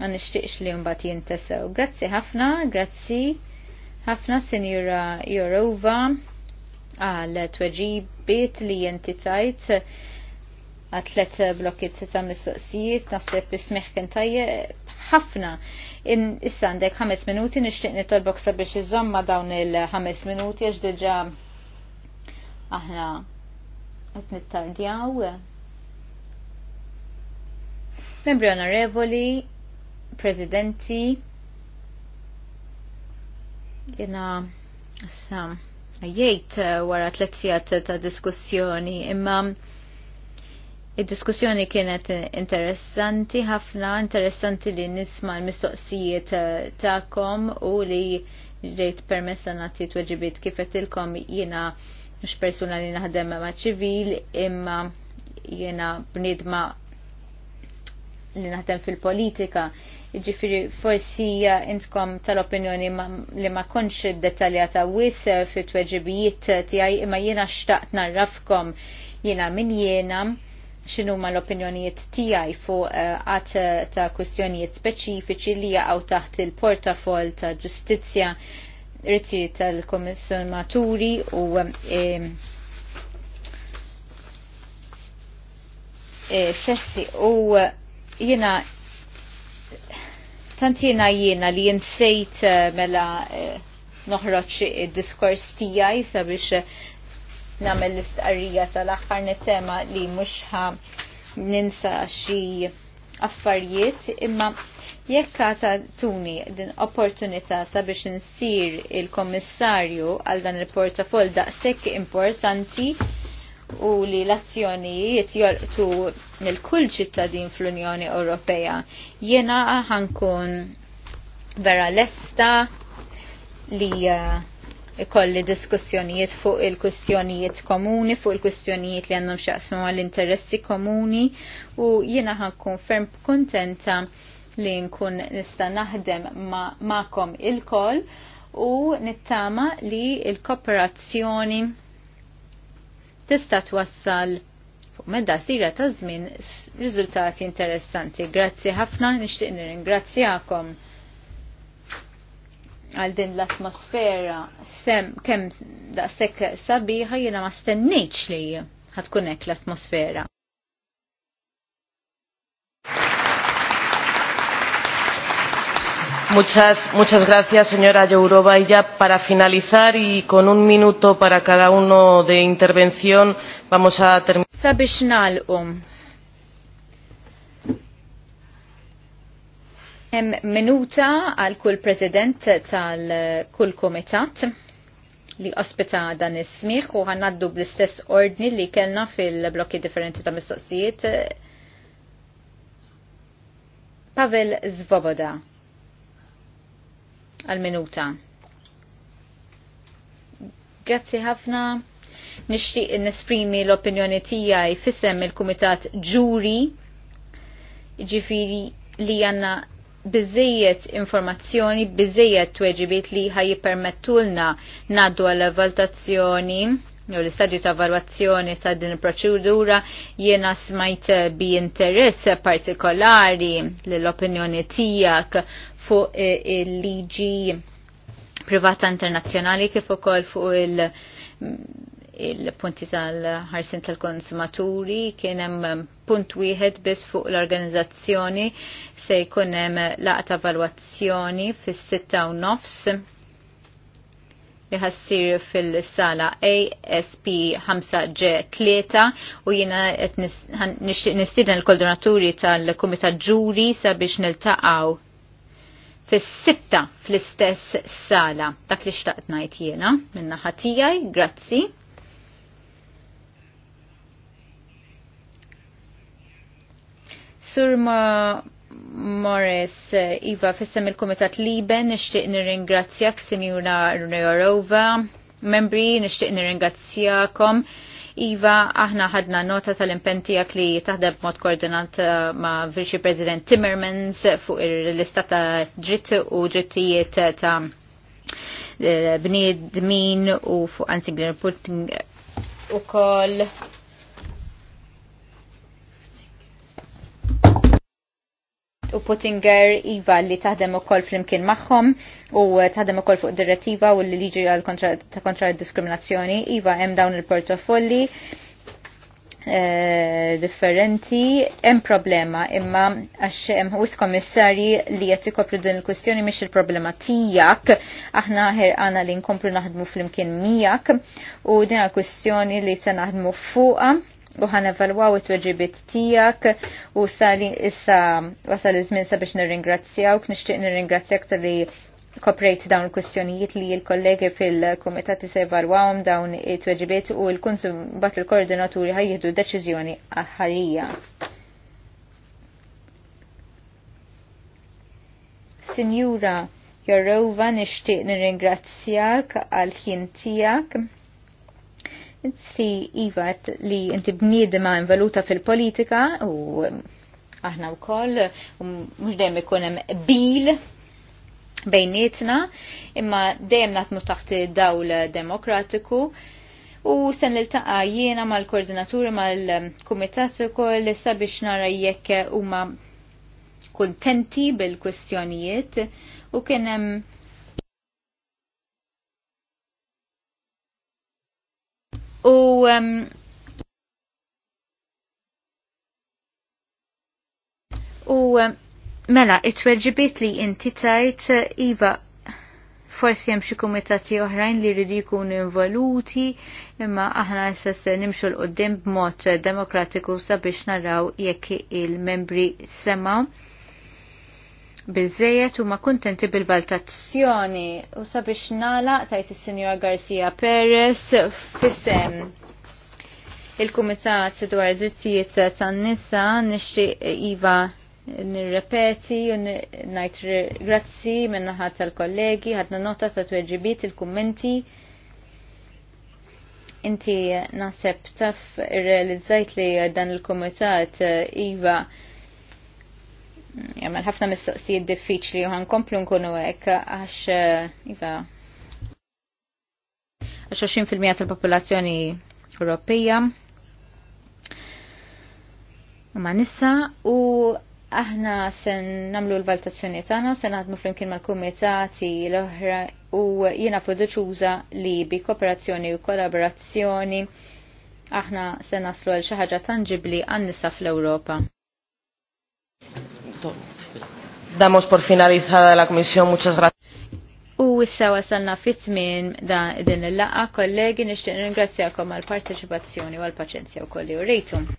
ma nixtieqx li mbagħad jintesew. Grazzi ħafna, grazzi ħafna Sinjura Jorova għal tweġibiet li jenti tajt għatlet blokkiet ta' mistoqsijiet, naħseb ismiħ kien tajjeb ħafna. Issa għandek ħames minuti nixtieq nitolbok sabiex iżomma dawn il-ħames minuti għax diġà aħna qed nittardjaw. Membri onorevoli, Presidenti, jena sam jgħid eh, wara tletzijat ta' diskussjoni imma Id-diskussjoni kienet interessanti ħafna, interessanti li nisma' l-mistoqsijiet eh, tagħkom u li ġejt permessa nagħti tweġibiet kif qed ilkom jiena mhux persuna li naħdem ma' ċivil imma jiena bnidma li naħdem fil-politika. Ġifiri, forsi intkom tal-opinjoni li ma konx dettaljata wis eh, fit tweġibijiet eh, tijaj imma jena xtaqt narrafkom jena min jena xinu ma l-opinjonijiet tijaj fuq eh, għat ta' kustjonijiet speċifiċi li għaw taħt il-portafol ta' ġustizja rriti tal-komissionaturi u sessi u Jena, tantina jiena li jinsejt eh, mela eh, noħroċ id-diskors tijaj sabiex eh, namel l-istqarrija tal-axħar tema li muxħa ninsa xi affarijiet imma jekk ta' tuni din opportunità sabiex nsir il-kommissarju għal dan il-portafol daqshekk importanti u li l-azzjonijiet jolqtu nil kull ċittadin fl-Unjoni Ewropea. Jena ħankun vera lesta li eh, ikolli diskussjonijiet fuq il-kustjonijiet komuni, fuq il-kustjonijiet li għandhom xaqsmu għall-interessi komuni u jiena ħankun ferm kontenta li nkun nista naħdem ma'kom ma il-koll u nittama li il-kooperazzjoni tista' twassal fuq medda sira ta' żmien riżultati interessanti. Grazzi ħafna nixtieq nirringrazzjakom għal din l-atmosfera sem kemm daqshekk sabiħa jiena ma stenniċ li ħatkun hekk l-atmosfera. Muchas, muchas gracias, señora Jourova. Y ya para finalizar y con un minuto para cada uno de intervención, vamos a terminar. Sabiex Hemm minuta għal kull president tal kull komitat li ospita dan is-smieħ u ħannaddu bl-istess ordni li kellna fil-blokki differenti ta' mistoqsijiet. Pavel Zvoboda għal-minuta. Grazzi ħafna. Nixtieq nesprimi l-opinjoni tiegħi fissem il-Kumitat Ġuri. Ġifiri li għanna bizzejiet informazzjoni, bizzejiet tweġibiet li ħaj permettulna naddu għal valutazzjoni jew l-istadju ta' valwazzjoni ta' din il-proċedura jiena smajt bi interess partikolari l-opinjoni tiegħek fuq eh, il-liġi privata internazzjonali kif ukoll fuq il- il-punti tal-ħarsin tal-konsumaturi kien hemm punt wieħed biss fuq l-organizzazzjoni se jkun hemm laqta valwazzjoni fis-sitta u nofs li ħassir fil-sala ASP 5G3 u jina nistiden l-koordinaturi tal komita Ġuri sabiex nil-taqaw fis-sitta fl-istess sala. Dak li xtaqt ngħid jiena minna ħatijaj, grazzi. Sur ma Morris, eh, Iva, fissem il-Komitat Liben, nishtiq nir-ringrazzjak, Sinjura Rorova, membri, nishtiq nir-ringrazzjakom. Iva, aħna ħadna nota tal-impentijak li taħdeb mod koordinat eh, ma' Vice President Timmermans fuq il-lista ta' dritt u drittijiet ta' eh, bniedmin u fuq għansigli reporting u koll u Puttinger Iva li taħdem ukoll flimkien magħhom u taħdem ukoll fuq direttiva u li liġi għal ta' kontra diskriminazzjoni Iva hemm dawn il-portofolli eh, differenti, hemm problema imma għax hemm ħwis kommissarji li qed ikopru din il-kwistjoni mhix il-problema tiegħek, aħna ħerqana li nkomplu naħdmu flimkien miegħek u din kwistjoni li se naħdmu fuqha u ħan evalwaw it-tweġibit tijak u sali issa wasal iż-żmien sabiex nirringrazzjaw, nixtieq nirringrazzjak tal-li koprejt dawn il-kwestjonijiet li l-kollegi fil-komitat jisevalwawhom dawn it-tweġibiet u l-kunsum bat il-koordinaturi ħajjieħdu deċiżjoni aħarija. Sinjura Jorova nixtieq nirringrazzjak għal ħin tiegħek. Si, Ivat li inti bniedema involuta fil-politika u aħna u koll, mux dejjem ikunem bil bejnietna, imma dejjem natmu taħt dawl demokratiku u sen l-taqa jiena mal-koordinaturi mal-kumitat u koll sabiex nara jekk huma kontenti bil-kwestjonijiet u kienem u um, u um, mela it-tweġibiet li inti tajt iva forsi hemm xi kumitati oħrajn li jridu jkunu involuti, imma aħna issa se nimxu l qudiem b'mod demokratiku sabiex naraw jekk il-membri semaw bizzejet u ma kontenti bil valtazzjoni u sabiex nala tajt il-Senjor Garcia Perez fissem il-Kumitat dwar drittijiet tan-nisa nixtieq iva nirrepeti u najt grazzi ħat tal-kollegi, ħadna nota ta' tweġibiet il-kummenti. Inti naħseb taf realizzajt li dan il-Kumitat iva jgħamil ħafna mis-soqsijiet diffiċli u ħankomplu nkunu hekk għax eh, iva għax 20% tal-popolazzjoni Ewropija ma nissa u aħna sen namlu l-valutazzjoni tagħna se naħdmu flimkien mal-kumitati l-oħra u jiena fiduċuża li bi kooperazzjoni u kollaborazzjoni aħna se naslu għal xi ħaġa tanġibli għan-nisa fl-Ewropa punto. Damos por finalizada la comisión. Muchas gracias. U issa wasalna fit-tmien din il laqqa kollegi nixtieq ringrazzjakom għall-parteċipazzjoni u għall-paċenzja wkoll li rejtum.